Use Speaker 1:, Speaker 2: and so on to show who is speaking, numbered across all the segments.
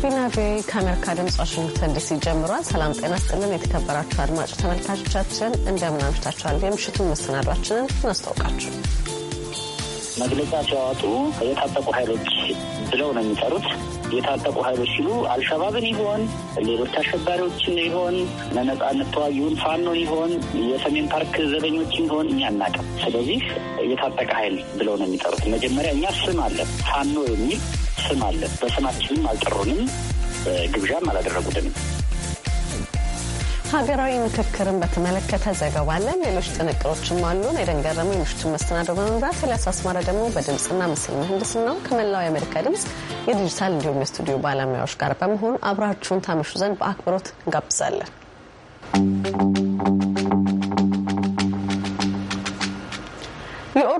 Speaker 1: ጋቢና ቤ ከአሜሪካ ድምጽ ዋሽንግተን ዲሲ ጀምሯል። ሰላም ጤና ስጥልን። የተከበራችሁ አድማጭ ተመልካቾቻችን እንደምን አምሽታችኋል? የምሽቱን መሰናዷችንን እናስታውቃችሁ።
Speaker 2: መግለጫ ሲያወጡ የታጠቁ ኃይሎች ብለው ነው የሚጠሩት። የታጠቁ ኃይሎች ሲሉ አልሸባብን ይሆን ሌሎች አሸባሪዎችን ይሆን ለነጻነት ተዋጊውን ፋኖን ይሆን የሰሜን ፓርክ ዘበኞችን ይሆን እኛ አናውቅም። ስለዚህ የታጠቀ ኃይል ብለው ነው የሚጠሩት። መጀመሪያ እኛ ስም አለን ፋኖ የሚል ስም አለ። በስማችንም አልጠሩንም፣ ግብዣም አላደረጉልንም።
Speaker 1: ሀገራዊ ምክክርን በተመለከተ ዘገባ አለን። ሌሎች ጥንቅሮችም አሉን። የደንገረሙ የምሽቱን መሰናዶ በመምራት ኤልያስ አስማራ ደግሞ በድምፅና ምስል ምህንድስናው ከመላው የአሜሪካ ድምፅ የዲጂታል እንዲሁም የስቱዲዮ ባለሙያዎች ጋር በመሆን አብራችሁን ታመሹ ዘንድ በአክብሮት እንጋብዛለን።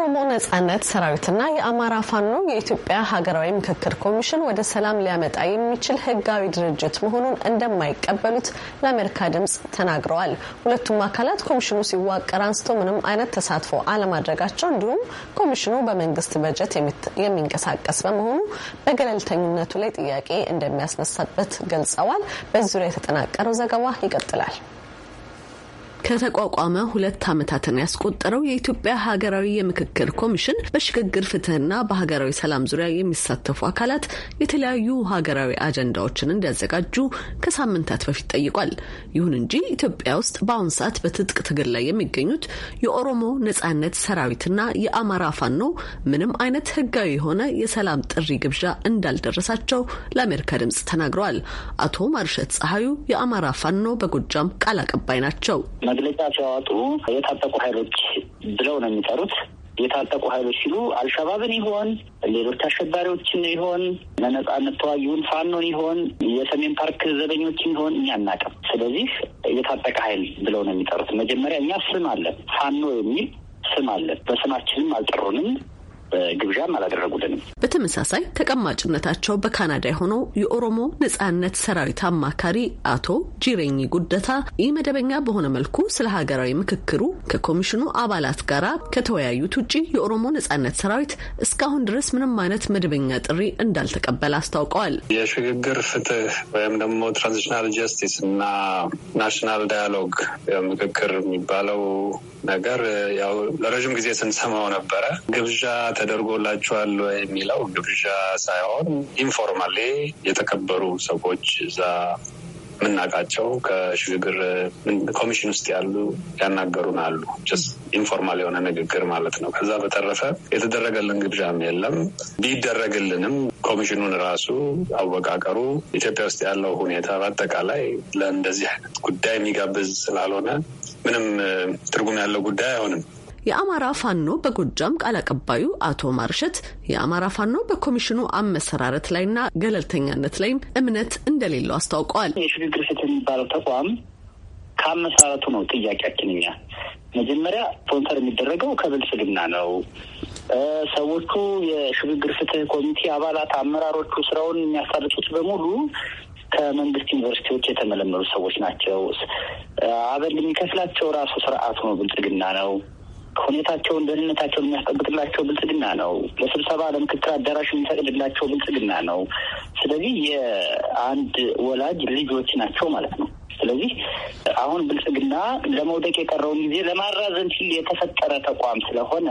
Speaker 1: የኦሮሞ ነጻነት ሰራዊትና የአማራ ፋኖ የኢትዮጵያ ሀገራዊ ምክክር ኮሚሽን ወደ ሰላም ሊያመጣ የሚችል ህጋዊ ድርጅት መሆኑን እንደማይቀበሉት ለአሜሪካ ድምጽ ተናግረዋል። ሁለቱም አካላት ኮሚሽኑ ሲዋቀር አንስቶ ምንም አይነት ተሳትፎ አለማድረጋቸው እንዲሁም ኮሚሽኑ በመንግስት በጀት የሚንቀሳቀስ በመሆኑ በገለልተኝነቱ ላይ ጥያቄ እንደሚያስነሳበት ገልጸዋል። በዙሪያ የተጠናቀረው ዘገባ ይቀጥላል። ከተቋቋመ ሁለት ዓመታትን ያስቆጠረው የኢትዮጵያ ሀገራዊ የምክክር ኮሚሽን በሽግግር ፍትህና በሀገራዊ ሰላም ዙሪያ የሚሳተፉ አካላት የተለያዩ ሀገራዊ አጀንዳዎችን እንዲያዘጋጁ ከሳምንታት በፊት ጠይቋል። ይሁን እንጂ ኢትዮጵያ ውስጥ በአሁን ሰዓት በትጥቅ ትግል ላይ የሚገኙት የኦሮሞ ነጻነት ሰራዊትና የአማራ ፋኖ ምንም አይነት ህጋዊ የሆነ የሰላም ጥሪ ግብዣ እንዳልደረሳቸው ለአሜሪካ ድምጽ ተናግረዋል። አቶ ማርሸት ፀሐዩ የአማራ ፋኖ በጎጃም ቃል አቀባይ ናቸው።
Speaker 2: መግለጫ ሲያወጡ የታጠቁ ኃይሎች ብለው ነው የሚጠሩት። የታጠቁ ኃይሎች ሲሉ አልሸባብን ይሆን ሌሎች አሸባሪዎችን ይሆን ለነጻነት ተዋጊውን ፋኖን ይሆን የሰሜን ፓርክ ዘበኞችን ይሆን እኛ አናውቅም። ስለዚህ የታጠቀ ኃይል ብለው ነው የሚጠሩት። መጀመሪያ እኛ ስም አለን ፋኖ የሚል ስም አለን። በስማችንም አልጠሩንም። ግብዣም አላደረጉልንም።
Speaker 1: በተመሳሳይ ተቀማጭነታቸው በካናዳ የሆነው የኦሮሞ ነጻነት ሰራዊት አማካሪ አቶ ጂሬኝ ጉደታ ይህ መደበኛ በሆነ መልኩ ስለ ሀገራዊ ምክክሩ ከኮሚሽኑ አባላት ጋራ ከተወያዩት ውጭ የኦሮሞ ነጻነት ሰራዊት እስካሁን ድረስ ምንም አይነት መደበኛ ጥሪ እንዳልተቀበለ አስታውቀዋል።
Speaker 3: የሽግግር ፍትህ ወይም ደግሞ ትራንዚሽናል ጀስቲስ እና ናሽናል ዳያሎግ ምክክር የሚባለው ነገር ያው ለረዥም ጊዜ ስንሰማው ነበረ ግብዣ ተደርጎላቸዋል የሚለው ግብዣ ሳይሆን ኢንፎርማሌ የተከበሩ ሰዎች እዛ የምናውቃቸው ከሽግግር ኮሚሽን ውስጥ ያሉ ያናገሩን አሉ። ኢንፎርማል የሆነ ንግግር ማለት ነው። ከዛ በተረፈ የተደረገልን ግብዣም የለም። ቢደረግልንም ኮሚሽኑን ራሱ አወቃቀሩ ኢትዮጵያ ውስጥ ያለው ሁኔታ በአጠቃላይ ለእንደዚህ አይነት ጉዳይ የሚጋብዝ ስላልሆነ ምንም ትርጉም ያለው ጉዳይ አይሆንም።
Speaker 1: የአማራ ፋኖ በጎጃም ቃል አቀባዩ አቶ ማርሸት የአማራ ፋኖ በኮሚሽኑ አመሰራረት ላይና ገለልተኛነት ላይም እምነት እንደሌለው አስታውቀዋል። የሽግግር
Speaker 2: ፍትህ የሚባለው ተቋም ከአመሰራረቱ ነው ጥያቄያችን። እኛ መጀመሪያ ስፖንሰር የሚደረገው ከብልጽግና ነው። ሰዎቹ የሽግግር ፍትህ ኮሚቴ አባላት፣ አመራሮቹ ስራውን የሚያሳልጡት በሙሉ ከመንግስት ዩኒቨርሲቲዎች የተመለመሉ ሰዎች ናቸው። አበል የሚከፍላቸው ራሱ ስርዓቱ ነው፣ ብልጽግና ነው። ሁኔታቸውን ደህንነታቸውን የሚያስጠብቅላቸው ብልጽግና ነው። ለስብሰባ ለምክክር አዳራሽ የሚፈቅድላቸው ብልጽግና ነው። ስለዚህ የአንድ ወላጅ ልጆች ናቸው ማለት ነው። ስለዚህ አሁን ብልጽግና ለመውደቅ የቀረውን ጊዜ ለማራዘም ሲል የተፈጠረ ተቋም ስለሆነ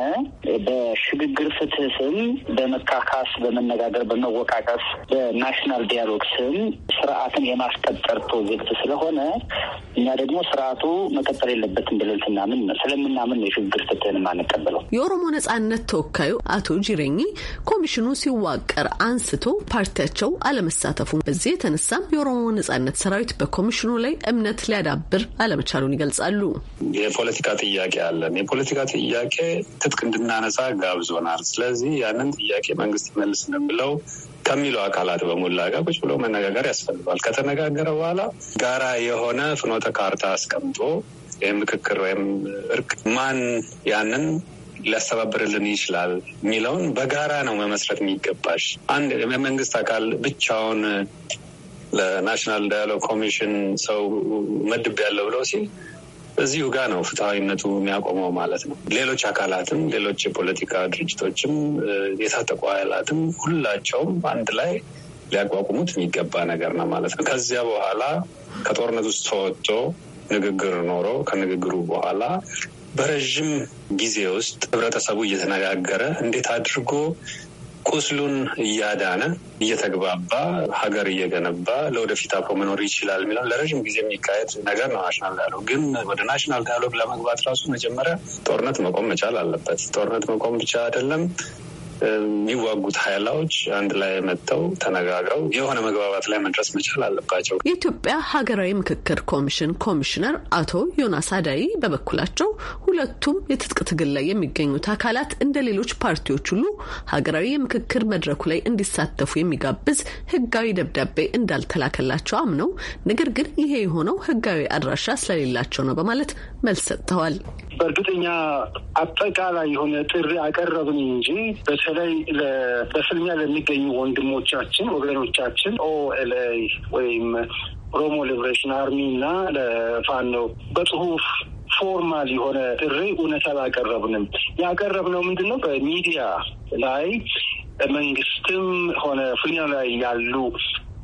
Speaker 2: በሽግግር ፍትህ ስም በመካካስ፣ በመነጋገር፣ በመወቃቀስ በናሽናል ዲያሎግ ስም ስርዓትን የማስቀጠር ፕሮጀክት ስለሆነ እኛ ደግሞ ስርዓቱ መቀጠል የለበትም ብለን ስናምን ስለምናምን ነው የሽግግር ፍትህን የማንቀበለው።
Speaker 1: የኦሮሞ ነጻነት ተወካዩ አቶ ጂሬኝ ኮሚሽኑ ሲዋቀር አንስቶ ፓርቲያቸው አለመሳተፉ በዚህ የተነሳም የኦሮሞ ነጻነት ሰራዊት በኮሚሽኑ ላይ ላይ እምነት ሊያዳብር አለመቻሉን ይገልጻሉ።
Speaker 3: የፖለቲካ ጥያቄ አለን። የፖለቲካ ጥያቄ ትጥቅ እንድናነሳ ጋብዞናል። ስለዚህ ያንን ጥያቄ መንግስት ነው ብለው ከሚለው አካላት በሞላ ጋር ቁጭ ብሎ መነጋገር ያስፈልጋል። ከተነጋገረ በኋላ ጋራ የሆነ ፍኖተ ካርታ አስቀምጦ ምክክር ወይም እርቅ ማን ያንን ሊያስተባብርልን ይችላል የሚለውን በጋራ ነው መመስረት የሚገባሽ። አንድ የመንግስት አካል ብቻውን ለናሽናል ዳያሎግ ኮሚሽን ሰው መድብ ያለው ብለው ሲል እዚሁ ጋር ነው ፍትሐዊነቱ የሚያቆመው ማለት ነው። ሌሎች አካላትም ሌሎች የፖለቲካ ድርጅቶችም የታጠቁ ኃይላትም ሁላቸውም አንድ ላይ ሊያቋቁሙት የሚገባ ነገር ነው ማለት ነው። ከዚያ በኋላ ከጦርነት ውስጥ ተወጥቶ ንግግር ኖሮ ከንግግሩ በኋላ በረዥም ጊዜ ውስጥ ህብረተሰቡ እየተነጋገረ እንዴት አድርጎ ቁስሉን እያዳነ እየተግባባ ሀገር እየገነባ ለወደፊት አብሮ መኖር ይችላል የሚለው ለረዥም ጊዜ የሚካሄድ ነገር ነው። ናሽናል ዳያሎግ ግን ወደ ናሽናል ዳያሎግ ለመግባት ራሱ መጀመሪያ ጦርነት መቆም መቻል አለበት። ጦርነት መቆም ብቻ አይደለም የሚዋጉት ሀይላዎች አንድ ላይ መጥተው ተነጋግረው የሆነ መግባባት ላይ መድረስ መቻል አለባቸው።
Speaker 1: የኢትዮጵያ ሀገራዊ ምክክር ኮሚሽን ኮሚሽነር አቶ ዮናስ አዳይ በበኩላቸው ሁለቱም የትጥቅ ትግል ላይ የሚገኙት አካላት እንደ ሌሎች ፓርቲዎች ሁሉ ሀገራዊ የምክክር መድረኩ ላይ እንዲሳተፉ የሚጋብዝ ህጋዊ ደብዳቤ እንዳልተላከላቸው አምነው፣ ነገር ግን ይሄ የሆነው ህጋዊ አድራሻ ስለሌላቸው ነው በማለት መልስ ሰጥተዋል።
Speaker 4: በእርግጠኛ አጠቃላይ የሆነ ጥሪ አቀረብን እንጂ በተለይ በፍልሚያ ለሚገኙ ወንድሞቻችን ወገኖቻችን ኦኤልኤ ወይም ኦሮሞ ሊብሬሽን አርሚ እና ለፋኖ በጽሁፍ ፎርማል የሆነ ጥሪ እውነት አላቀረብንም። ያቀረብነው ምንድን ነው? በሚዲያ ላይ መንግስትም ሆነ ፍልሚያ ላይ ያሉ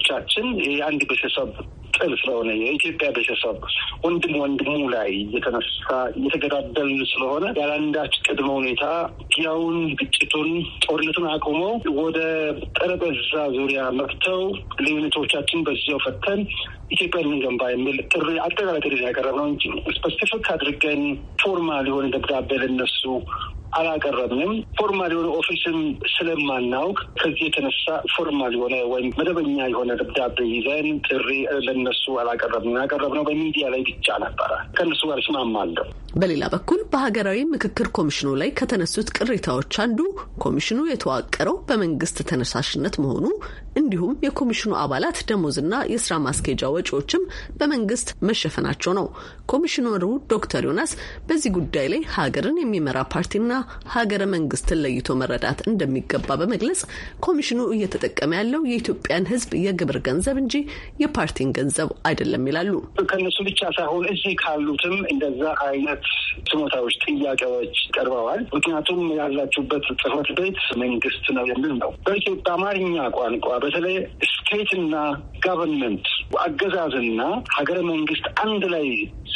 Speaker 4: ቻችን የአንድ ቤተሰብ ጥል ስለሆነ የኢትዮጵያ ቤተሰብ ወንድም ወንድሙ ላይ እየተነሳ እየተገዳደል ስለሆነ ያለአንዳች ቅድመ ሁኔታ ያውን ግጭቱን፣ ጦርነቱን አቁመው ወደ ጠረጴዛ ዙሪያ መጥተው ልዩነቶቻችን በዚያው ፈተን ኢትዮጵያ ልንገንባ የሚል ጥሪ አጠቃላይ ጥሪ ያቀረብ ነው እንጂ ስፐሲፊክ አድርገን ፎርማል የሆነ ደብዳቤ ለነሱ አላቀረብንም። ፎርማል የሆነ ኦፊስም ስለማናውቅ ከዚህ የተነሳ ፎርማል የሆነ ወይም መደበኛ የሆነ ደብዳቤ ይዘን ጥሪ ለነሱ አላቀረብንም። ያቀረብነው በሚዲያ ላይ ብቻ ነበረ። ከእነሱ ጋር እስማማለሁ።
Speaker 1: በሌላ በኩል በሀገራዊ ምክክር ኮሚሽኑ ላይ ከተነሱት ቅሬታዎች አንዱ ኮሚሽኑ የተዋቀረው በመንግስት ተነሳሽነት መሆኑ እንዲሁም የኮሚሽኑ አባላት ደሞዝና የስራ ማስኬጃ ወጪዎችም በመንግስት መሸፈናቸው ነው። ኮሚሽነሩ ዶክተር ዮናስ በዚህ ጉዳይ ላይ ሀገርን የሚመራ ፓርቲና ሀገረ መንግስትን ለይቶ መረዳት እንደሚገባ በመግለጽ ኮሚሽኑ እየተጠቀመ ያለው የኢትዮጵያን ህዝብ የግብር ገንዘብ እንጂ የፓርቲን ገንዘብ አይደለም ይላሉ።
Speaker 4: ከነሱ ብቻ ሳይሆን እዚህ ካሉትም እንደዛ አይነት ስሞታዎች፣ ጥያቄዎች ቀርበዋል። ምክንያቱም ያላችሁበት ጽሕፈት ቤት መንግስት ነው የሚል ነው። በኢትዮጵያ አማርኛ ቋንቋ በተለይ ስቴትና ጋቨርንመንት አገዛዝና ሀገረ መንግስት አንድ ላይ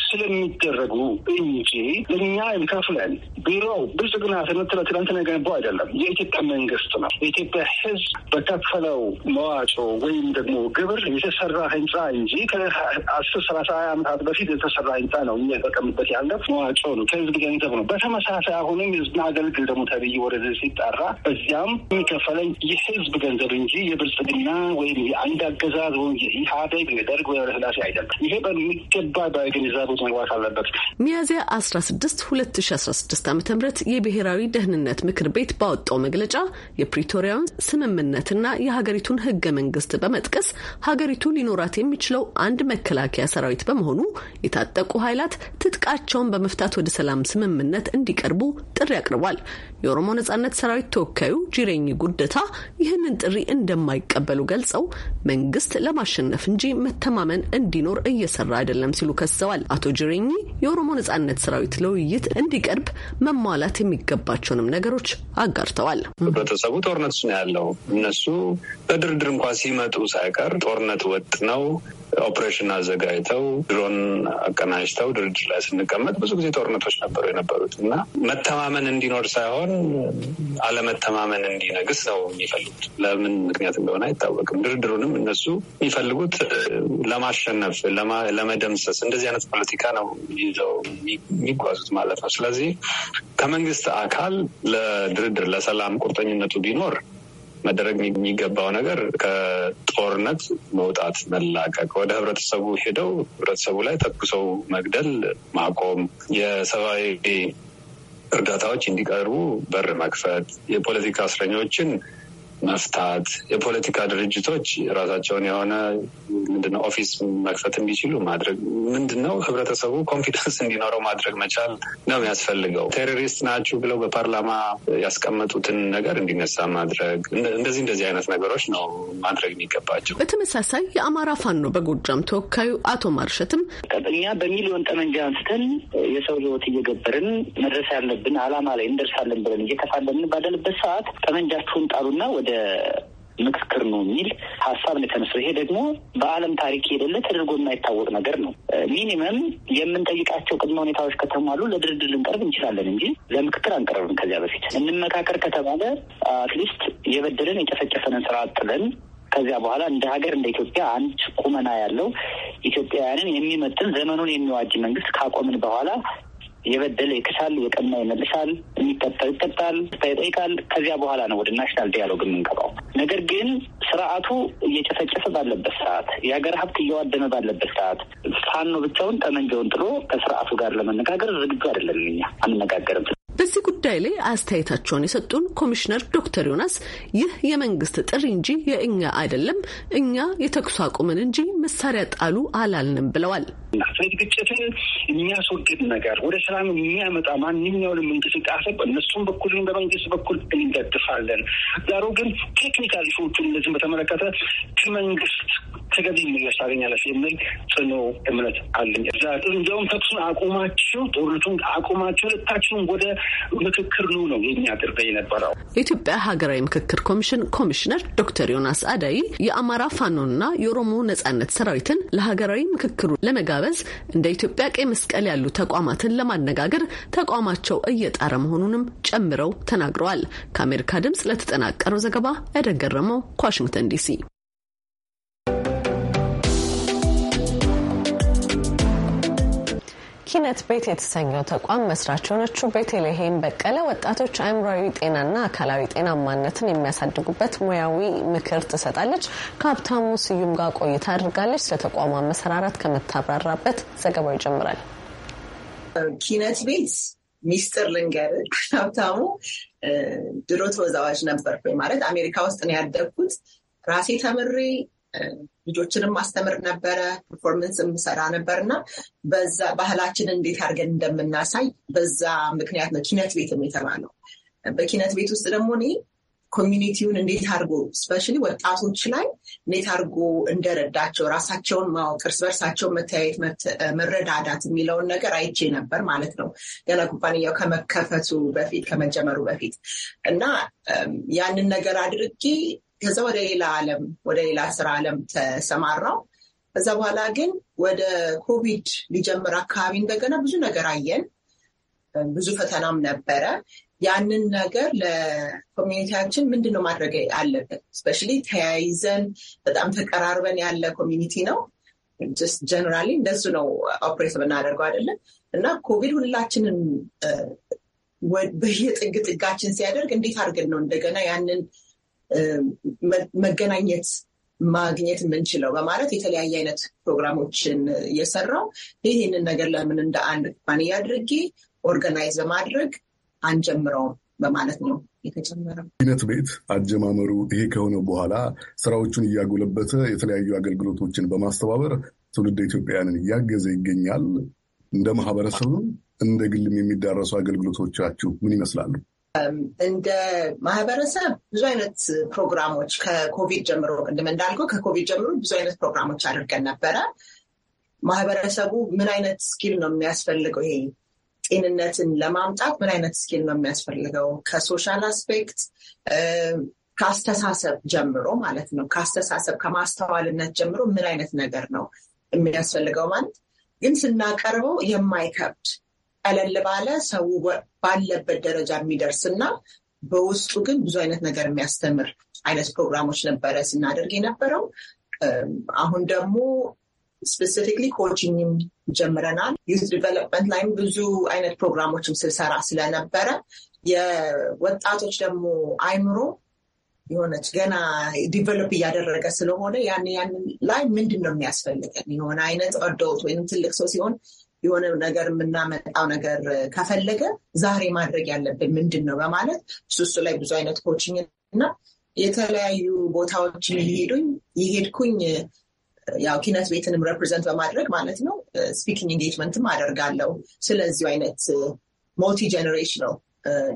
Speaker 4: ስለሚደረጉ እንጂ ለእኛ እንከፍለን ቢሮ ብዙ ብልጽግና ስምትለ ትናንትና የገነባው አይደለም፣ የኢትዮጵያ መንግስት ነው። የኢትዮጵያ ህዝብ በከፈለው መዋጮ ወይም ደግሞ ግብር የተሰራ ህንፃ እንጂ ከአስር ሰላሳ ሀያ አመታት በፊት የተሰራ ህንፃ ነው። እኛ የተጠቀምበት ያለ መዋጮ ነው፣ ከህዝብ ገንዘብ ነው። በተመሳሳይ አሁንም ህዝብን አገልግል ደግሞ ተብዬ ወደዚ ሲጠራ በዚያም የሚከፈለኝ የህዝብ ገንዘብ እንጂ የብልጽግና ወይም የአንድ አገዛዝ ወይም የኢህአዴግ የደርግ ወይ ኃይለሥላሴ አይደለም። ይሄ በሚገባ በግንዛቤ መግባት አለበት።
Speaker 1: ሚያዝያ አስራ ስድስት ሁለት ሺ አስራ ስድስት ዓመተ ምህረት ብሔራዊ ደህንነት ምክር ቤት ባወጣው መግለጫ የፕሪቶሪያውን ስምምነትና የሀገሪቱን ህገ መንግስት በመጥቀስ ሀገሪቱ ሊኖራት የሚችለው አንድ መከላከያ ሰራዊት በመሆኑ የታጠቁ ኃይላት ትጥቃቸውን በመፍታት ወደ ሰላም ስምምነት እንዲቀርቡ ጥሪ አቅርቧል። የኦሮሞ ነጻነት ሰራዊት ተወካዩ ጂሬኝ ጉደታ ይህንን ጥሪ እንደማይቀበሉ ገልጸው መንግስት ለማሸነፍ እንጂ መተማመን እንዲኖር እየሰራ አይደለም ሲሉ ከሰዋል። አቶ ጂሬኝ የኦሮሞ ነጻነት ሰራዊት ለውይይት እንዲቀርብ መሟላት የሚ የሚገባቸውንም ነገሮች አጋርተዋል።
Speaker 3: ህብረተሰቡ ጦርነት ነው ያለው። እነሱ በድርድር እንኳ ሲመጡ ሳይቀር ጦርነት ወጥ ነው ኦፕሬሽን አዘጋጅተው ድሮን አቀናጅተው ድርድር ላይ ስንቀመጥ ብዙ ጊዜ ጦርነቶች ነበሩ የነበሩት እና መተማመን እንዲኖር ሳይሆን አለመተማመን እንዲነግስ ነው የሚፈልጉት። ለምን ምክንያት እንደሆነ አይታወቅም። ድርድሩንም እነሱ የሚፈልጉት ለማሸነፍ፣ ለመደምሰስ እንደዚህ አይነት ፖለቲካ ነው ይዘው የሚጓዙት ማለት ነው። ስለዚህ ከመንግስት አካል ለድርድር ለሰላም ቁርጠኝነቱ ቢኖር መደረግ የሚገባው ነገር ከጦርነት መውጣት፣ መላቀቅ፣ ወደ ህብረተሰቡ ሄደው ህብረተሰቡ ላይ ተኩሰው መግደል ማቆም፣ የሰብአዊ እርዳታዎች እንዲቀርቡ በር መክፈት፣ የፖለቲካ እስረኞችን መፍታት የፖለቲካ ድርጅቶች ራሳቸውን የሆነ ምንድነው ኦፊስ መክፈት እንዲችሉ ማድረግ ምንድነው ህብረተሰቡ ኮንፊደንስ እንዲኖረው ማድረግ መቻል ነው የሚያስፈልገው። ቴሮሪስት ናችሁ ብለው በፓርላማ ያስቀመጡትን ነገር እንዲነሳ ማድረግ እንደዚህ እንደዚህ አይነት ነገሮች ነው ማድረግ የሚገባቸው።
Speaker 1: በተመሳሳይ የአማራ ፋኖ በጎጃም ተወካዩ አቶ ማርሸትም
Speaker 2: እኛ በሚሊዮን ጠመንጃ አንስተን የሰው ህይወት እየገበርን መድረስ ያለብን አላማ ላይ እንደርሳለን ብለን እየተፋለምን ባለንበት ሰዓት ጠመንጃችሁን ጣሉና እንደ ምክክር ነው የሚል ሀሳብ ነው የተነሳው። ይሄ ደግሞ በዓለም ታሪክ የሌለ ተደርጎ የማይታወቅ ነገር ነው። ሚኒመም የምንጠይቃቸው ቅድመ ሁኔታዎች ከተሟሉ ለድርድር ልንቀርብ እንችላለን እንጂ ለምክክር አንቀረብም። ከዚያ በፊት እንመካከር ከተባለ አትሊስት የበደለን የጨፈጨፈንን ስርዓት ጥለን ከዚያ በኋላ እንደ ሀገር እንደ ኢትዮጵያ አንድ ቁመና ያለው ኢትዮጵያውያንን የሚመጥን ዘመኑን የሚዋጅ መንግስት ካቆምን በኋላ የበደለ ይክሳል፣ የቀና ይመልሳል፣ የሚጠጣ ይጠጣል፣ ይጠይቃል። ከዚያ በኋላ ነው ወደ ናሽናል ዲያሎግ የምንገባው። ነገር ግን ስርዓቱ እየጨፈጨፈ ባለበት ሰዓት፣ የሀገር ሀብት እየዋደመ ባለበት ሰዓት ፋኖ ብቻውን ጠመንጃውን ጥሎ ከስርዓቱ ጋር ለመነጋገር ዝግጁ አይደለም። እኛ አንነጋገርም።
Speaker 1: በዚህ ጉዳይ ላይ አስተያየታቸውን የሰጡን ኮሚሽነር ዶክተር ዮናስ ይህ የመንግስት ጥሪ እንጂ የእኛ አይደለም፣ እኛ የተኩስ አቁምን እንጂ መሳሪያ ጣሉ አላልንም ብለዋል።
Speaker 4: ግጭትን የሚያስወግድ ነገር ወደ ሰላም የሚያመጣ ማንኛውንም እንቅስቃሴ በእነሱም በኩል በመንግስት በኩል እንደግፋለን። ዛሬ ግን ቴክኒካል ሾዎቹን እነዚህም በተመለከተ ከመንግስት ተገቢ ምላሽ ታገኛለች የሚል ጽኑ እምነት አለኝ። እዛ እንዲያውም ተኩሱን አቁማችሁ ጦርነቱን አቁማችሁ ልታችሁን ወደ ምክክር ነው ነው የሚያደርገ የነበረው።
Speaker 1: የኢትዮጵያ ሀገራዊ ምክክር ኮሚሽን ኮሚሽነር ዶክተር ዮናስ አዳይ የአማራ ፋኖና የኦሮሞ ነጻነት ሰራዊትን ለሀገራዊ ምክክሩ ለመጋበዝ እንደ ኢትዮጵያ ቀይ መስቀል ያሉ ተቋማትን ለማነጋገር ተቋማቸው እየጣረ መሆኑንም ጨምረው ተናግረዋል። ከአሜሪካ ድምጽ ለተጠናቀረው ዘገባ ያደገረመው ከዋሽንግተን ዲሲ ኪነት ቤት የተሰኘው ተቋም መስራች የሆነችው ቤተልሔም በቀለ ወጣቶች አእምሯዊ ጤናና አካላዊ ጤናማነትን የሚያሳድጉበት ሙያዊ ምክር ትሰጣለች። ከሀብታሙ ስዩም ጋር ቆይታ አድርጋለች። ስለ መሰራራት አመሰራራት ከምታብራራበት ዘገባው ይጀምራል። ኪነት ቤት
Speaker 5: ሚስጥር ልንገር፣ ሀብታሙ ድሮ ተወዛዋዥ ነበር ማለት አሜሪካ ውስጥ ነው ያደግኩት። ራሴ ተምሬ ልጆችንም ማስተምር ነበረ፣ ፐርፎርመንስ የምሰራ ነበር እና በዛ ባህላችን እንዴት አድርገን እንደምናሳይ በዛ ምክንያት ነው ኪነት ቤትም የተባለው። በኪነት ቤት ውስጥ ደግሞ እኔ ኮሚኒቲውን እንዴት አድርጎ ስፔሻሊ ወጣቶች ላይ እንዴት አድርጎ እንደረዳቸው ራሳቸውን ማወቅ፣ እርስ በርሳቸው መተያየት፣ መረዳዳት የሚለውን ነገር አይቼ ነበር ማለት ነው ገና ኩባንያው ከመከፈቱ በፊት ከመጀመሩ በፊት እና ያንን ነገር አድርጌ ከዛ ወደ ሌላ ዓለም ወደ ሌላ ስራ ዓለም ተሰማራው። ከዛ በኋላ ግን ወደ ኮቪድ ሊጀምር አካባቢ እንደገና ብዙ ነገር አየን። ብዙ ፈተናም ነበረ። ያንን ነገር ለኮሚኒቲያችን ምንድን ነው ማድረግ አለብን? እስፔሻሊ ተያይዘን በጣም ተቀራርበን ያለ ኮሚኒቲ ነው። ጀነራሊ እንደሱ ነው ኦፕሬት ብናደርገው አይደለም እና ኮቪድ ሁላችንን በየጥግ ጥጋችን ሲያደርግ እንዴት አድርገን ነው እንደገና ያንን መገናኘት ማግኘት የምንችለው በማለት የተለያየ አይነት ፕሮግራሞችን እየሰራው ይህንን ነገር ለምን እንደ አንድ ኩባንያ አድርጌ ኦርጋናይዝ በማድረግ አንጀምረውም በማለት ነው የተጀመረው።
Speaker 6: ነት ቤት አጀማመሩ ይሄ ከሆነ በኋላ ስራዎቹን እያጎለበተ የተለያዩ አገልግሎቶችን በማስተባበር ትውልድ ኢትዮጵያውያንን እያገዘ ይገኛል። እንደ ማህበረሰብም እንደ ግልም የሚዳረሱ አገልግሎቶቻችሁ ምን ይመስላሉ?
Speaker 5: እንደ ማህበረሰብ ብዙ አይነት ፕሮግራሞች ከኮቪድ ጀምሮ ቅድም እንዳልከው ከኮቪድ ጀምሮ ብዙ አይነት ፕሮግራሞች አድርገን ነበረ። ማህበረሰቡ ምን አይነት ስኪል ነው የሚያስፈልገው? ይሄ ጤንነትን ለማምጣት ምን አይነት ስኪል ነው የሚያስፈልገው? ከሶሻል አስፔክት ከአስተሳሰብ ጀምሮ ማለት ነው። ከአስተሳሰብ ከማስተዋልነት ጀምሮ ምን አይነት ነገር ነው የሚያስፈልገው ማለት ግን ስናቀርበው የማይከብድ ቀለል ባለ ሰው ባለበት ደረጃ የሚደርስ እና በውስጡ ግን ብዙ አይነት ነገር የሚያስተምር አይነት ፕሮግራሞች ነበረ ስናደርግ የነበረው። አሁን ደግሞ ስፔሲፊክሊ ኮችኝም ጀምረናል። ዩዝ ዲቨሎፕመንት ላይም ብዙ አይነት ፕሮግራሞችም ስሰራ ስለነበረ የወጣቶች ደግሞ አይምሮ የሆነች ገና ዲቨሎፕ እያደረገ ስለሆነ ያን ያን ላይ ምንድን ነው የሚያስፈልገን የሆነ አይነት አዶልት ወይም ትልቅ ሰው ሲሆን የሆነ ነገር የምናመጣው ነገር ከፈለገ ዛሬ ማድረግ ያለብን ምንድን ነው በማለት እሱ እሱ ላይ ብዙ አይነት ኮችኝ እና የተለያዩ ቦታዎችን እየሄዱኝ የሄድኩኝ ያው ኪነት ቤትንም ሬፕሬዘንት በማድረግ ማለት ነው ስፒኪንግ ኢንጌጅመንትም አደርጋለሁ። ስለዚሁ አይነት ሞልቲ ጀኔሬሽናል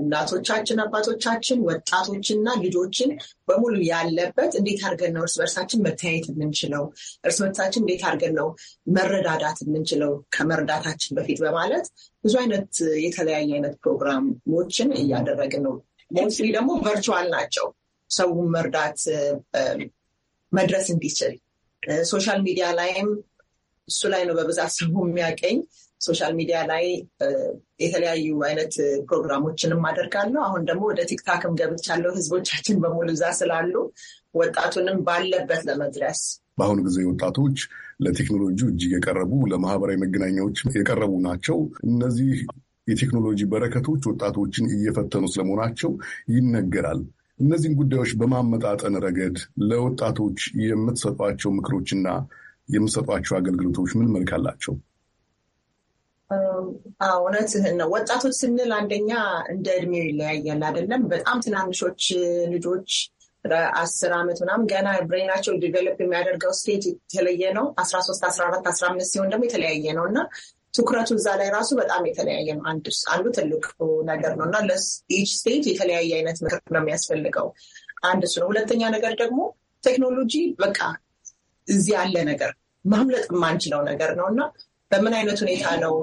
Speaker 5: እናቶቻችን፣ አባቶቻችን፣ ወጣቶችንና ልጆችን በሙሉ ያለበት እንዴት አድርገን ነው እርስ በርሳችን መተያየት የምንችለው? እርስ በርሳችን እንዴት አድርገን ነው መረዳዳት የምንችለው ከመረዳታችን በፊት በማለት ብዙ አይነት የተለያየ አይነት ፕሮግራሞችን እያደረግን ነው። ሞስሊ ደግሞ ቨርቹዋል ናቸው። ሰውን መርዳት መድረስ እንዲችል ሶሻል ሚዲያ ላይም እሱ ላይ ነው በብዛት ሰው የሚያገኝ ሶሻል ሚዲያ ላይ የተለያዩ አይነት ፕሮግራሞችንም አደርጋለሁ። አሁን ደግሞ ወደ ቲክታክም ገብቻለሁ። ህዝቦቻችን በሙሉ እዛ ስላሉ ወጣቱንም ባለበት ለመድረስ
Speaker 6: በአሁኑ ጊዜ ወጣቶች ለቴክኖሎጂ እጅግ የቀረቡ ለማህበራዊ መገናኛዎች የቀረቡ ናቸው። እነዚህ የቴክኖሎጂ በረከቶች ወጣቶችን እየፈተኑ ስለመሆናቸው ይነገራል። እነዚህን ጉዳዮች በማመጣጠን ረገድ ለወጣቶች የምትሰጧቸው ምክሮችና የምትሰጧቸው አገልግሎቶች ምን መልክ አላቸው?
Speaker 5: እውነትህን ነው። ወጣቶች ስንል አንደኛ እንደ እድሜው ይለያያል አይደለም። በጣም ትናንሾች ልጆች አስር ዓመት ምናምን ገና ብሬናቸው ዲቨሎፕ የሚያደርገው ስቴት የተለየ ነው። አስራ ሶስት አስራ አራት አስራ አምስት ሲሆን ደግሞ የተለያየ ነው እና ትኩረቱ እዛ ላይ ራሱ በጣም የተለያየ ነው። አንዱ ትልቅ ነገር ነው እና ለኢች ስቴት የተለያየ አይነት ምክር ነው የሚያስፈልገው። አንድ እሱ ነው። ሁለተኛ ነገር ደግሞ ቴክኖሎጂ በቃ እዚህ ያለ ነገር ማምለጥ የማንችለው ነገር ነው እና በምን አይነት ሁኔታ ነው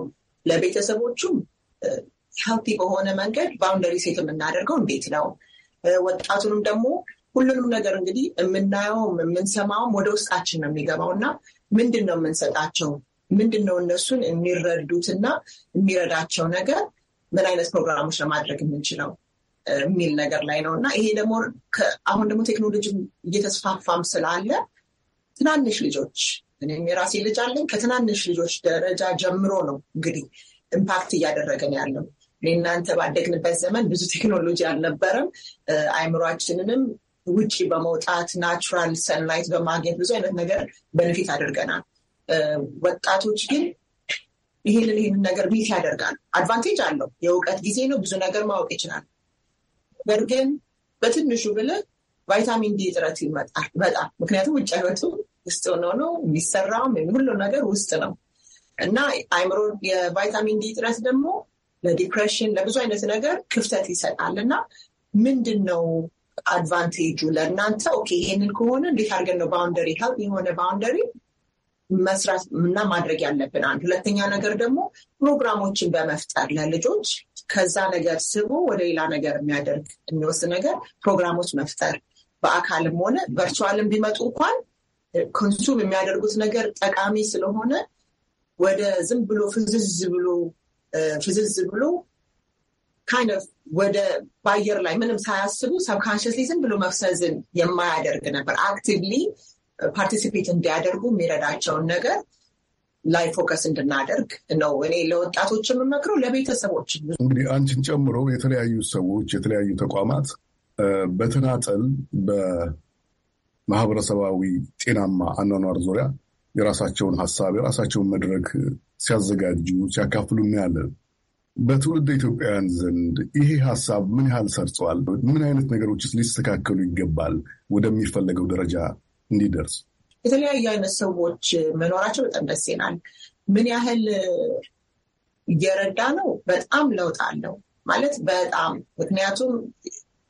Speaker 5: ለቤተሰቦቹም ሄልቲ በሆነ መንገድ ባውንደሪ ሴት የምናደርገው እንዴት ነው? ወጣቱንም ደግሞ ሁሉንም ነገር እንግዲህ የምናየውም የምንሰማውም ወደ ውስጣችን ነው የሚገባው እና ምንድን ነው የምንሰጣቸው? ምንድን ነው እነሱን የሚረዱትና የሚረዳቸው ነገር? ምን አይነት ፕሮግራሞች ለማድረግ የምንችለው የሚል ነገር ላይ ነው እና ይሄ ደግሞ አሁን ደግሞ ቴክኖሎጂ እየተስፋፋም ስላለ ትናንሽ ልጆች እኔም የራሴ ልጅ አለኝ። ከትናንሽ ልጆች ደረጃ ጀምሮ ነው እንግዲህ ኢምፓክት እያደረገን ያለው። እናንተ ባደግንበት ዘመን ብዙ ቴክኖሎጂ አልነበረም። አይምሯችንንም ውጭ በመውጣት ናቹራል ሰንላይት በማግኘት ብዙ አይነት ነገር በንፊት አድርገናል። ወጣቶች ግን ይህንን ይህንን ነገር ቤት ያደርጋል። አድቫንቴጅ አለው። የእውቀት ጊዜ ነው። ብዙ ነገር ማወቅ ይችላል። ነገር ግን በትንሹ ብለህ ቫይታሚን ዲ እጥረት ይመጣል በጣም ምክንያቱም ውጭ አይወጡም ውስጥ ሆኖ ነው የሚሰራም ሁሉ ነገር ውስጥ ነው እና አይምሮ የቫይታሚን ዲ እጥረት ደግሞ ለዲፕሬሽን ለብዙ አይነት ነገር ክፍተት ይሰጣል እና ምንድን ነው አድቫንቴጁ ለእናንተ? ኦኬ ይሄንን ከሆነ እንዴት አድርገን ነው ባውንደሪ ሄል የሆነ ባውንደሪ መስራት እና ማድረግ ያለብን? አንድ ሁለተኛ ነገር ደግሞ ፕሮግራሞችን በመፍጠር ለልጆች ከዛ ነገር ስቦ ወደ ሌላ ነገር የሚያደርግ የሚወስድ ነገር ፕሮግራሞች መፍጠር በአካልም ሆነ ቨርቹዋልም ቢመጡ እንኳን ኮንሱም የሚያደርጉት ነገር ጠቃሚ ስለሆነ ወደ ዝም ብሎ ፍዝዝ ብሎ ፍዝዝ ብሎ ካይንድ ኦፍ ወደ በአየር ላይ ምንም ሳያስቡ ሰብካንሽስሊ ዝም ብሎ መፍሰዝን የማያደርግ ነበር። አክቲቭሊ ፓርቲሲፔት እንዲያደርጉ የሚረዳቸውን ነገር ላይ ፎከስ እንድናደርግ ነው እኔ ለወጣቶች የምመክረው፣ ለቤተሰቦች
Speaker 6: እንግዲህ አንቺን ጨምሮ የተለያዩ ሰዎች የተለያዩ ተቋማት በተናጠል ማህበረሰባዊ ጤናማ አኗኗር ዙሪያ የራሳቸውን ሀሳብ የራሳቸውን መድረክ ሲያዘጋጁ ሲያካፍሉ እናያለን። በትውልድ ኢትዮጵያውያን ዘንድ ይሄ ሀሳብ ምን ያህል ሰርጸዋል? ምን አይነት ነገሮችስ ሊስተካከሉ ይገባል ወደሚፈለገው ደረጃ እንዲደርስ?
Speaker 5: የተለያዩ አይነት ሰዎች መኖራቸው በጣም ደስ ይላል። ምን ያህል እየረዳ ነው? በጣም ለውጥ አለው ማለት በጣም ምክንያቱም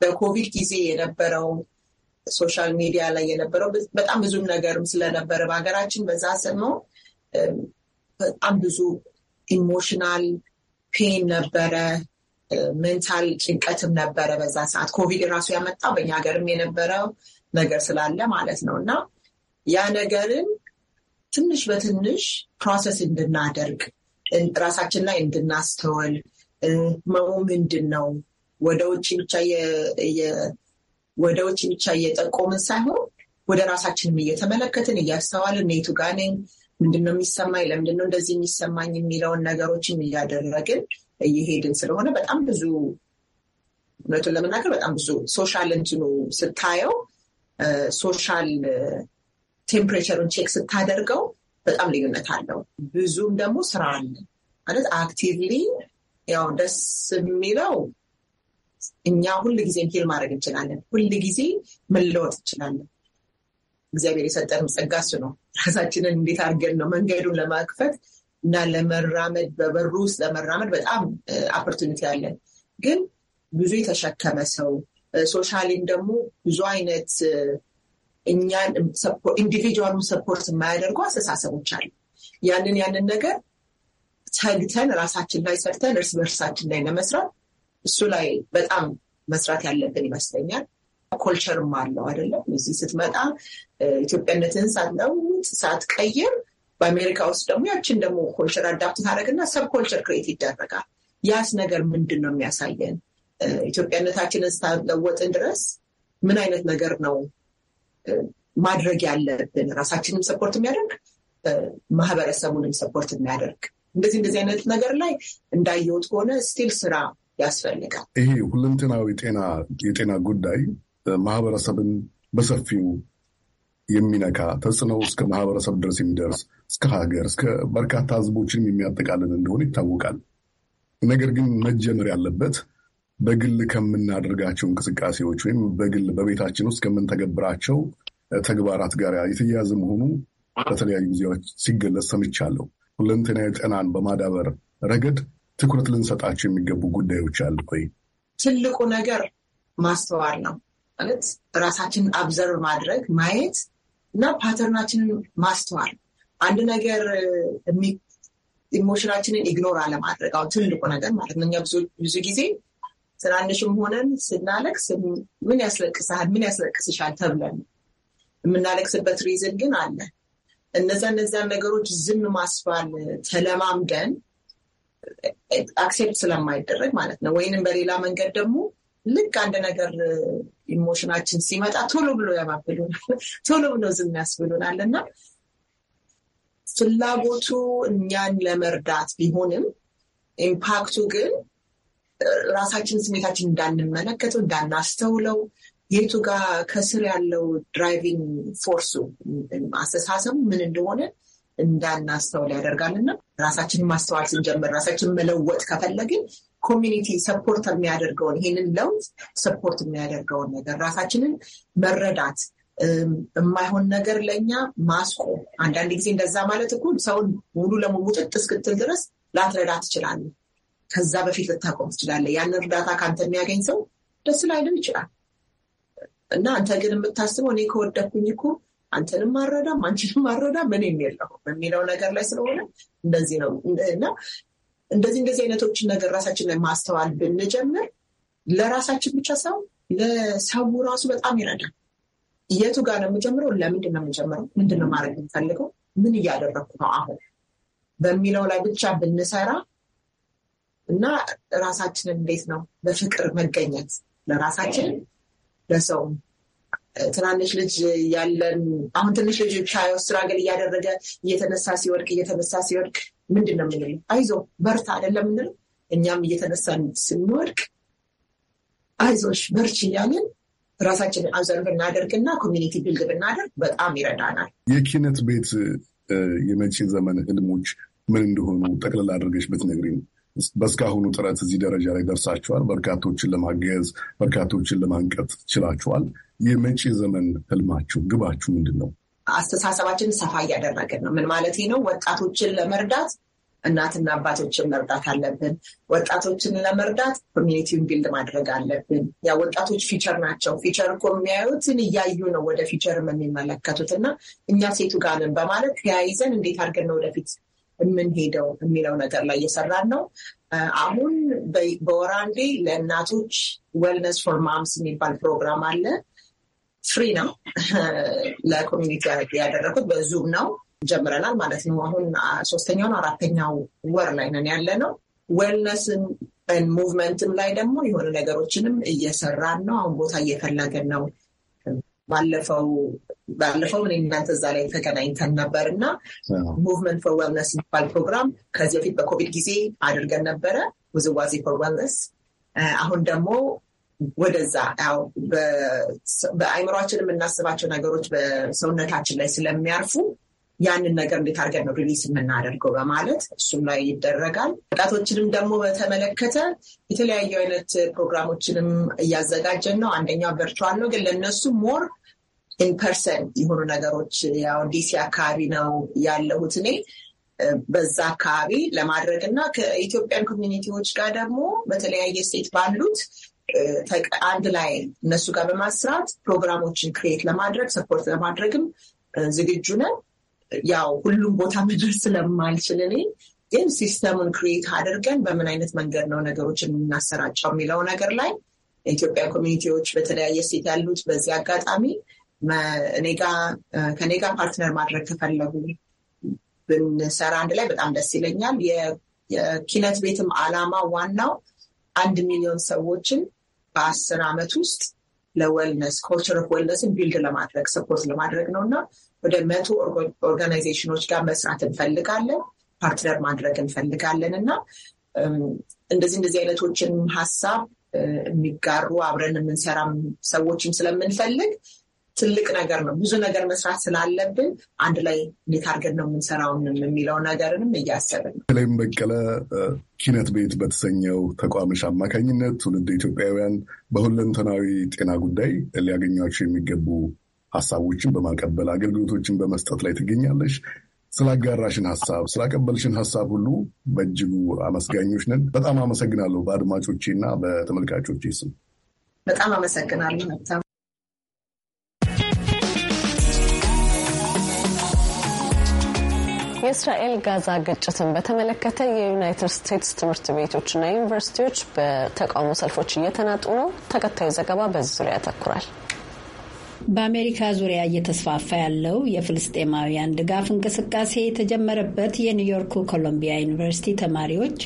Speaker 5: በኮቪድ ጊዜ የነበረው ሶሻል ሚዲያ ላይ የነበረው በጣም ብዙም ነገርም ስለነበረ በሀገራችን በዛ ሰሞን በጣም ብዙ ኢሞሽናል ፔን ነበረ። ሜንታል ጭንቀትም ነበረ በዛ ሰዓት ኮቪድ ራሱ ያመጣው በእኛ ሀገርም የነበረው ነገር ስላለ ማለት ነው እና ያ ነገርን ትንሽ በትንሽ ፕሮሰስ እንድናደርግ ራሳችን ላይ እንድናስተውል መሙ ምንድን ነው ወደ ውጭ ብቻ ወደ ውጭ ብቻ እየጠቆምን ሳይሆን ወደ ራሳችንም እየተመለከትን እያስተዋልን ኔቱ ጋኔን ምንድነው የሚሰማኝ ለምንድነው እንደዚህ የሚሰማኝ የሚለውን ነገሮችን እያደረግን እየሄድን ስለሆነ በጣም ብዙ እውነቱን ለመናገር በጣም ብዙ ሶሻል እንትኑ ስታየው ሶሻል ቴምፕሬቸሩን ቼክ ስታደርገው በጣም ልዩነት አለው። ብዙም ደግሞ ስራ አለ ማለት አክቲቭሊ ያው ደስ የሚለው እኛ ሁል ጊዜም ሂል ማድረግ እንችላለን። ሁል ጊዜ መለወጥ እንችላለን። እግዚአብሔር የሰጠንም ጸጋ እሱ ነው። ራሳችንን እንዴት አድርገን ነው መንገዱን ለማክፈት እና ለመራመድ በበሩ ውስጥ ለመራመድ በጣም ኦፖርቱኒቲ አለን። ግን ብዙ የተሸከመ ሰው ሶሻሊም ደግሞ ብዙ አይነት እኛን ኢንዲቪጁዋሉን ሰፖርት የማያደርጉ አስተሳሰቦች አሉ። ያንን ያንን ነገር ተግተን ራሳችን ላይ ሰርተን እርስ በርሳችን ላይ ለመስራት እሱ ላይ በጣም መስራት ያለብን ይመስለኛል። ኮልቸርም አለው አይደለም። እዚህ ስትመጣ ኢትዮጵያነትን ሳትለውጥ ሳትቀይር፣ በአሜሪካ ውስጥ ደግሞ ያችን ደግሞ ኮልቸር አዳፕት ታደረግና ሰብ ኮልቸር ክሬት ይደረጋል። ያስ ነገር ምንድን ነው የሚያሳየን? ኢትዮጵያነታችንን ሳትለወጥን ድረስ ምን አይነት ነገር ነው ማድረግ ያለብን? ራሳችንም ሰፖርት የሚያደርግ ማህበረሰቡንም ሰፖርት የሚያደርግ እንደዚህ እንደዚህ አይነት ነገር ላይ እንዳየሁት ከሆነ ስቲል ስራ ያስፈልጋል።
Speaker 6: ይሄ ሁለንተናዊ ጤና የጤና ጉዳይ ማህበረሰብን በሰፊው የሚነካ ተጽዕኖ እስከ ማህበረሰብ ድረስ የሚደርስ እስከ ሀገር እስከ በርካታ ህዝቦችን የሚያጠቃልል እንደሆነ ይታወቃል። ነገር ግን መጀመር ያለበት በግል ከምናደርጋቸው እንቅስቃሴዎች ወይም በግል በቤታችን ውስጥ ከምንተገብራቸው ተግባራት ጋር የተያያዘ መሆኑ በተለያዩ ጊዜዎች ሲገለጽ ሰምቻለሁ። ሁለንተናዊ ጤናን በማዳበር ረገድ ትኩረት ልንሰጣቸው የሚገቡ ጉዳዮች አሉ ወይ?
Speaker 5: ትልቁ ነገር ማስተዋል ነው ማለት ራሳችንን አብዘርቭ ማድረግ ማየት እና ፓተርናችንን ማስተዋል። አንድ ነገር ኢሞሽናችንን ኢግኖር አለማድረግ አሁን ትልቁ ነገር ማለት ነው። እኛ ብዙ ጊዜ ትናንሽም ሆነን ስናለቅስ ምን ያስለቅስሃል፣ ምን ያስለቅስሻል ተብለን የምናለቅስበት ሪዝን ግን አለ። እነዛ እነዚያን ነገሮች ዝም ማስባል ተለማምደን አክሴፕት ስለማይደረግ ማለት ነው። ወይንም በሌላ መንገድ ደግሞ ልክ አንድ ነገር ኢሞሽናችን ሲመጣ ቶሎ ብሎ ያባብሉናል፣ ቶሎ ብሎ ዝም ያስብሉናል እና ፍላጎቱ እኛን ለመርዳት ቢሆንም ኢምፓክቱ ግን ራሳችን ስሜታችን እንዳንመለከተው እንዳናስተውለው የቱ ጋር ከስር ያለው ድራይቪንግ ፎርሱ አስተሳሰቡ ምን እንደሆነ እንዳናስተውል ያደርጋልና ራሳችንን ማስተዋል ስንጀምር፣ ራሳችን መለወጥ ከፈለግን ኮሚኒቲ ሰፖርት የሚያደርገውን ይህንን ለውጥ ሰፖርት የሚያደርገውን ነገር ራሳችንን መረዳት የማይሆን ነገር ለእኛ ማስቆም። አንዳንድ ጊዜ እንደዛ ማለት እኮ ሰውን ሙሉ ለሙሉ እስክትል ድረስ ላትረዳ ትችላለህ። ከዛ በፊት ልታቆም ትችላለህ። ያን እርዳታ ከአንተ የሚያገኝ ሰው ደስ ላይልም ይችላል እና አንተ ግን የምታስበው እኔ ከወደኩኝ እኮ አንተንም አረዳም አንቺንም አረዳም እኔም የለሁም የሚለው ነገር ላይ ስለሆነ እንደዚህ ነው እና እንደዚህ እንደዚህ አይነቶችን ነገር ራሳችን ላይ ማስተዋል ብንጀምር ለራሳችን ብቻ ሰው ለሰው ራሱ በጣም ይረዳል። የቱ ጋር ነው የምጀምረው? ለምንድን ነው የምጀምረው? ምንድን ነው ማድረግ የምፈልገው? ምን እያደረግኩ ነው አሁን በሚለው ላይ ብቻ ብንሰራ እና ራሳችንን እንዴት ነው በፍቅር መገኘት ለራሳችን ለሰውም ትናንሽ ልጅ ያለን አሁን ትንሽ ልጅ ሻይ ስትራግል እያደረገ እየተነሳ ሲወድቅ እየተነሳ ሲወድቅ ምንድን ነው የምንለው? አይዞ በርታ አይደለም የምንለው። እኛም እየተነሳን ስንወድቅ አይዞሽ በርች እያለን ራሳችንን አብዘር ብናደርግና ኮሚኒቲ ቢልድ ብናደርግ በጣም ይረዳናል።
Speaker 6: የኪነት ቤት የመቼ ዘመን ህልሞች ምን እንደሆኑ ጠቅላላ አድርገሽ ብትነግሪኝ ነው። በእስካሁኑ ጥረት እዚህ ደረጃ ላይ ደርሳችኋል። በርካቶችን ለማገዝ በርካቶችን ለማንቀጥ ችላችኋል። የመጪ ዘመን ህልማችሁ ግባችሁ ምንድን ነው?
Speaker 5: አስተሳሰባችን ሰፋ እያደረግን ነው። ምን ማለት ነው? ወጣቶችን ለመርዳት እናትና አባቶችን መርዳት አለብን። ወጣቶችን ለመርዳት ኮሚኒቲውን ቢልድ ማድረግ አለብን። ያ ወጣቶች ፊቸር ናቸው። ፊቸር እኮ የሚያዩትን እያዩ ነው ወደ ፊቸርም የሚመለከቱት እና እኛ ሴቱ ጋር ነን በማለት ተያይዘን እንዴት አድርገን ነው ወደፊት የምንሄደው የሚለው ነገር ላይ እየሰራን ነው። አሁን በወር አንዴ ለእናቶች ዌልነስ ፎር ማምስ የሚባል ፕሮግራም አለ። ፍሪ ነው። ለኮሚኒቲ ያደረጉት በዙም ነው ጀምረናል ማለት ነው። አሁን ሶስተኛውን አራተኛው ወር ላይ ነን ያለ ነው። ዌልነስን ሙቭመንትም ላይ ደግሞ የሆነ ነገሮችንም እየሰራን ነው። አሁን ቦታ እየፈለገን ነው። ባለፈው ባለፈው ምን እናንተ እዛ ላይ ተገናኝተን ነበር እና ሙቭመንት ፎር ዌልነስ የሚባል ፕሮግራም ከዚህ በፊት በኮቪድ ጊዜ አድርገን ነበረ፣ ውዝዋዜ ፎር ዌልነስ። አሁን ደግሞ ወደዛ በአይምሯችን የምናስባቸው ነገሮች በሰውነታችን ላይ ስለሚያርፉ ያንን ነገር እንዴት አድርገን ነው ሪሊስ የምናደርገው በማለት እሱም ላይ ይደረጋል። ወጣቶችንም ደግሞ በተመለከተ የተለያዩ አይነት ፕሮግራሞችንም እያዘጋጀን ነው። አንደኛው ቨርቹዋል ነው፣ ግን ለእነሱ ሞር ኢንፐርሰን የሆኑ ነገሮች ያው ዲሲ አካባቢ ነው ያለሁት እኔ በዛ አካባቢ ለማድረግ እና ከኢትዮጵያን ኮሚኒቲዎች ጋር ደግሞ በተለያየ ስቴት ባሉት አንድ ላይ እነሱ ጋር በማስራት ፕሮግራሞችን ክሬት ለማድረግ ሰፖርት ለማድረግም ዝግጁ ነን። ያው ሁሉም ቦታ መድረስ ስለማልችል እኔ ግን ሲስተሙን ክሬት አድርገን በምን አይነት መንገድ ነው ነገሮችን የምናሰራጫው የሚለው ነገር ላይ ኢትዮጵያ ኮሚኒቲዎች በተለያየ ስቴት ያሉት በዚህ አጋጣሚ ከኔጋ ጋር ፓርትነር ማድረግ ከፈለጉ ብንሰራ አንድ ላይ በጣም ደስ ይለኛል። የኪነት ቤትም አላማ ዋናው አንድ ሚሊዮን ሰዎችን በአስር ዓመት ውስጥ ለወልነስ ኮልቸር ኦፍ ወልነስን ቢልድ ለማድረግ ሰፖርት ለማድረግ ነው እና ወደ መቶ ኦርጋናይዜሽኖች ጋር መስራት እንፈልጋለን፣ ፓርትነር ማድረግ እንፈልጋለን እና እንደዚህ እንደዚህ አይነቶችን ሀሳብ የሚጋሩ አብረን የምንሰራም ሰዎችም ስለምንፈልግ ትልቅ ነገር ነው። ብዙ ነገር መስራት ስላለብን አንድ ላይ እንዴት አድርገን ነው የምንሰራውን የሚለው ነገርንም እያሰብን
Speaker 6: ነው። በተለይም በቀለ ኪነት ቤት በተሰኘው ተቋምሽ አማካኝነት ትውልድ ኢትዮጵያውያን በሁለንተናዊ ጤና ጉዳይ ሊያገኟቸው የሚገቡ ሀሳቦችን በማቀበል አገልግሎቶችን በመስጠት ላይ ትገኛለሽ። ስላጋራሽን ሀሳብ ስላቀበልሽን ሀሳብ ሁሉ በእጅጉ አመስጋኞች ነን። በጣም አመሰግናለሁ በአድማጮቼ እና በተመልካቾቼ ስም
Speaker 5: በጣም አመሰግናለሁ።
Speaker 1: የእስራኤል ጋዛ ግጭትን በተመለከተ የዩናይትድ ስቴትስ ትምህርት ቤቶችና ዩኒቨርሲቲዎች በተቃውሞ ሰልፎች እየተናጡ ነው። ተከታዩ ዘገባ በዚህ ዙሪያ ያተኩራል።
Speaker 7: በአሜሪካ ዙሪያ እየተስፋፋ ያለው የፍልስጤማውያን ድጋፍ እንቅስቃሴ የተጀመረበት የኒውዮርኩ ኮሎምቢያ ዩኒቨርሲቲ ተማሪዎች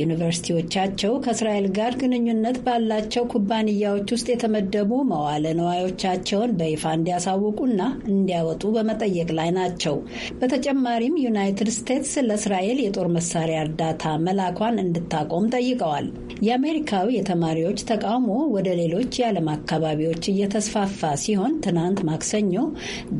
Speaker 7: ዩኒቨርሲቲዎቻቸው ከእስራኤል ጋር ግንኙነት ባላቸው ኩባንያዎች ውስጥ የተመደቡ መዋለ ነዋዮቻቸውን በይፋ እንዲያሳውቁና እንዲያወጡ በመጠየቅ ላይ ናቸው። በተጨማሪም ዩናይትድ ስቴትስ ለእስራኤል የጦር መሳሪያ እርዳታ መላኳን እንድታቆም ጠይቀዋል። የአሜሪካው የተማሪዎች ተቃውሞ ወደ ሌሎች የዓለም አካባቢዎች እየተስፋፋ ሲሆን ትናንት ማክሰኞ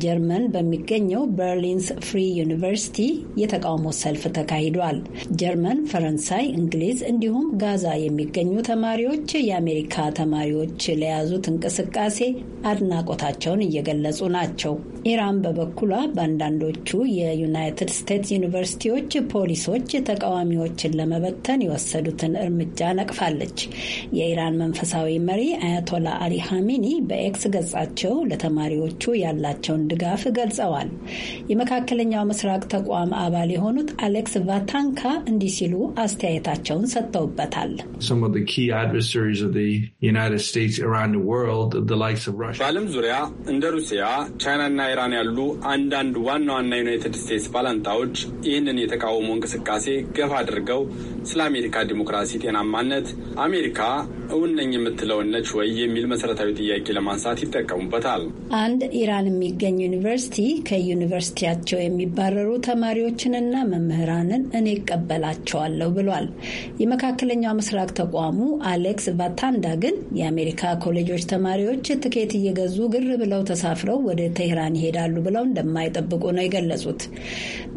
Speaker 7: ጀርመን በሚገኘው በርሊንስ ፍሪ ዩኒቨርሲቲ የተቃውሞ ሰልፍ ተካሂዷል። ጀርመን፣ ፈረንሳይ እንግሊዝ እንዲሁም ጋዛ የሚገኙ ተማሪዎች የአሜሪካ ተማሪዎች ለያዙት እንቅስቃሴ አድናቆታቸውን እየገለጹ ናቸው። ኢራን በበኩሏ በአንዳንዶቹ የዩናይትድ ስቴትስ ዩኒቨርሲቲዎች ፖሊሶች ተቃዋሚዎችን ለመበተን የወሰዱትን እርምጃ ነቅፋለች። የኢራን መንፈሳዊ መሪ አያቶላ አሊ ሀሚኒ በኤክስ ገጻቸው ለተማሪዎቹ ያላቸውን ድጋፍ ገልጸዋል። የመካከለኛው ምስራቅ ተቋም አባል የሆኑት አሌክስ ቫታንካ እንዲህ ሲሉ አስተያየታቸውን ሰጥተውበታል።
Speaker 8: በዓለም ዙሪያ እንደ ሩሲያ፣ ቻይናና በኢራን ያሉ አንዳንድ ዋና ዋና ዩናይትድ ስቴትስ ባላንጣዎች ይህንን የተቃውሞ እንቅስቃሴ ገፋ አድርገው ስለ አሜሪካ ዲሞክራሲ ጤናማነት አሜሪካ እውን ነኝ የምትለውን ነች ወይ የሚል መሰረታዊ ጥያቄ ለማንሳት ይጠቀሙበታል።
Speaker 7: አንድ ኢራን የሚገኝ ዩኒቨርሲቲ ከዩኒቨርሲቲያቸው የሚባረሩ ተማሪዎችንና መምህራንን እኔ ይቀበላቸዋለሁ ብሏል። የመካከለኛው ምስራቅ ተቋሙ አሌክስ ቫታንዳ ግን የአሜሪካ ኮሌጆች ተማሪዎች ትኬት እየገዙ ግር ብለው ተሳፍረው ወደ ቴህራን ይሄዳሉ ብለው እንደማይጠብቁ ነው የገለጹት።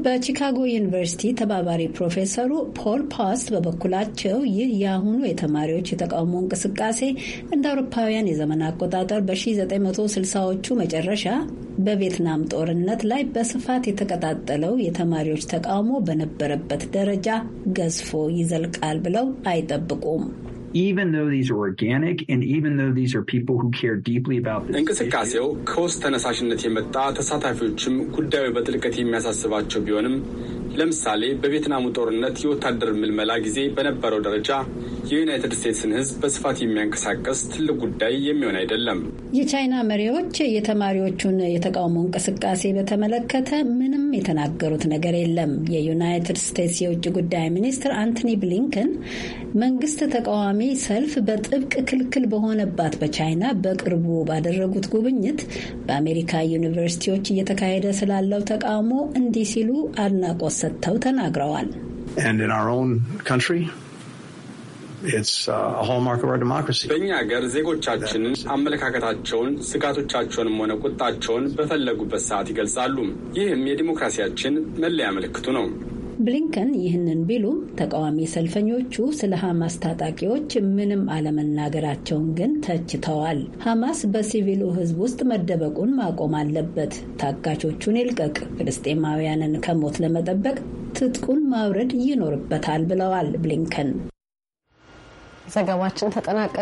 Speaker 7: በቺካጎ ዩኒቨርሲቲ ተባባሪ ፕሮፌሰሩ ፖል ፓስት በበኩላቸው ይህ የአሁኑ የተማሪዎች የተቃውሞ እንቅስቃሴ እንደ አውሮፓውያን የዘመን አቆጣጠር በ1960ዎቹ መጨረሻ በቪየትናም ጦርነት ላይ በስፋት የተቀጣጠለው የተማሪዎች ተቃውሞ በነበረበት ደረጃ ገዝፎ ይዘልቃል ብለው አይጠብቁም። even though these are organic and even though these are people who care deeply about this
Speaker 8: እንቅስቃሴው ከውስጥ ተነሳሽነት የመጣ ተሳታፊዎችም ጉዳዩ በጥልቀት የሚያሳስባቸው ቢሆንም ለምሳሌ በቪየትናሙ ጦርነት የወታደር ምልመላ ጊዜ በነበረው ደረጃ የዩናይትድ ስቴትስን ሕዝብ በስፋት የሚያንቀሳቀስ ትልቅ ጉዳይ የሚሆን አይደለም።
Speaker 7: የቻይና መሪዎች የተማሪዎቹን የተቃውሞ እንቅስቃሴ በተመለከተ ምንም የተናገሩት ነገር የለም። የዩናይትድ ስቴትስ የውጭ ጉዳይ ሚኒስትር አንቶኒ ብሊንከን መንግስት ተቃዋሚ ተቃዋሚ ሰልፍ በጥብቅ ክልክል በሆነባት በቻይና በቅርቡ ባደረጉት ጉብኝት በአሜሪካ ዩኒቨርሲቲዎች እየተካሄደ ስላለው ተቃውሞ እንዲህ ሲሉ አድናቆት ሰጥተው ተናግረዋል።
Speaker 1: uh,
Speaker 8: በእኛ ሀገር ዜጎቻችንን አመለካከታቸውን፣ ስጋቶቻቸውንም ሆነ ቁጣቸውን በፈለጉበት ሰዓት ይገልጻሉ። ይህም የዲሞክራሲያችን መለያ ምልክቱ ነው።
Speaker 7: ብሊንከን ይህንን ቢሉም ተቃዋሚ ሰልፈኞቹ ስለ ሐማስ ታጣቂዎች ምንም አለመናገራቸውን ግን ተችተዋል። ሐማስ በሲቪሉ ሕዝብ ውስጥ መደበቁን ማቆም አለበት፣ ታጋቾቹን ይልቀቅ፣ ፍልስጤማውያንን ከሞት ለመጠበቅ ትጥቁን ማውረድ ይኖርበታል ብለዋል ብሊንከን። ዘገባችን ተጠናቀቀ።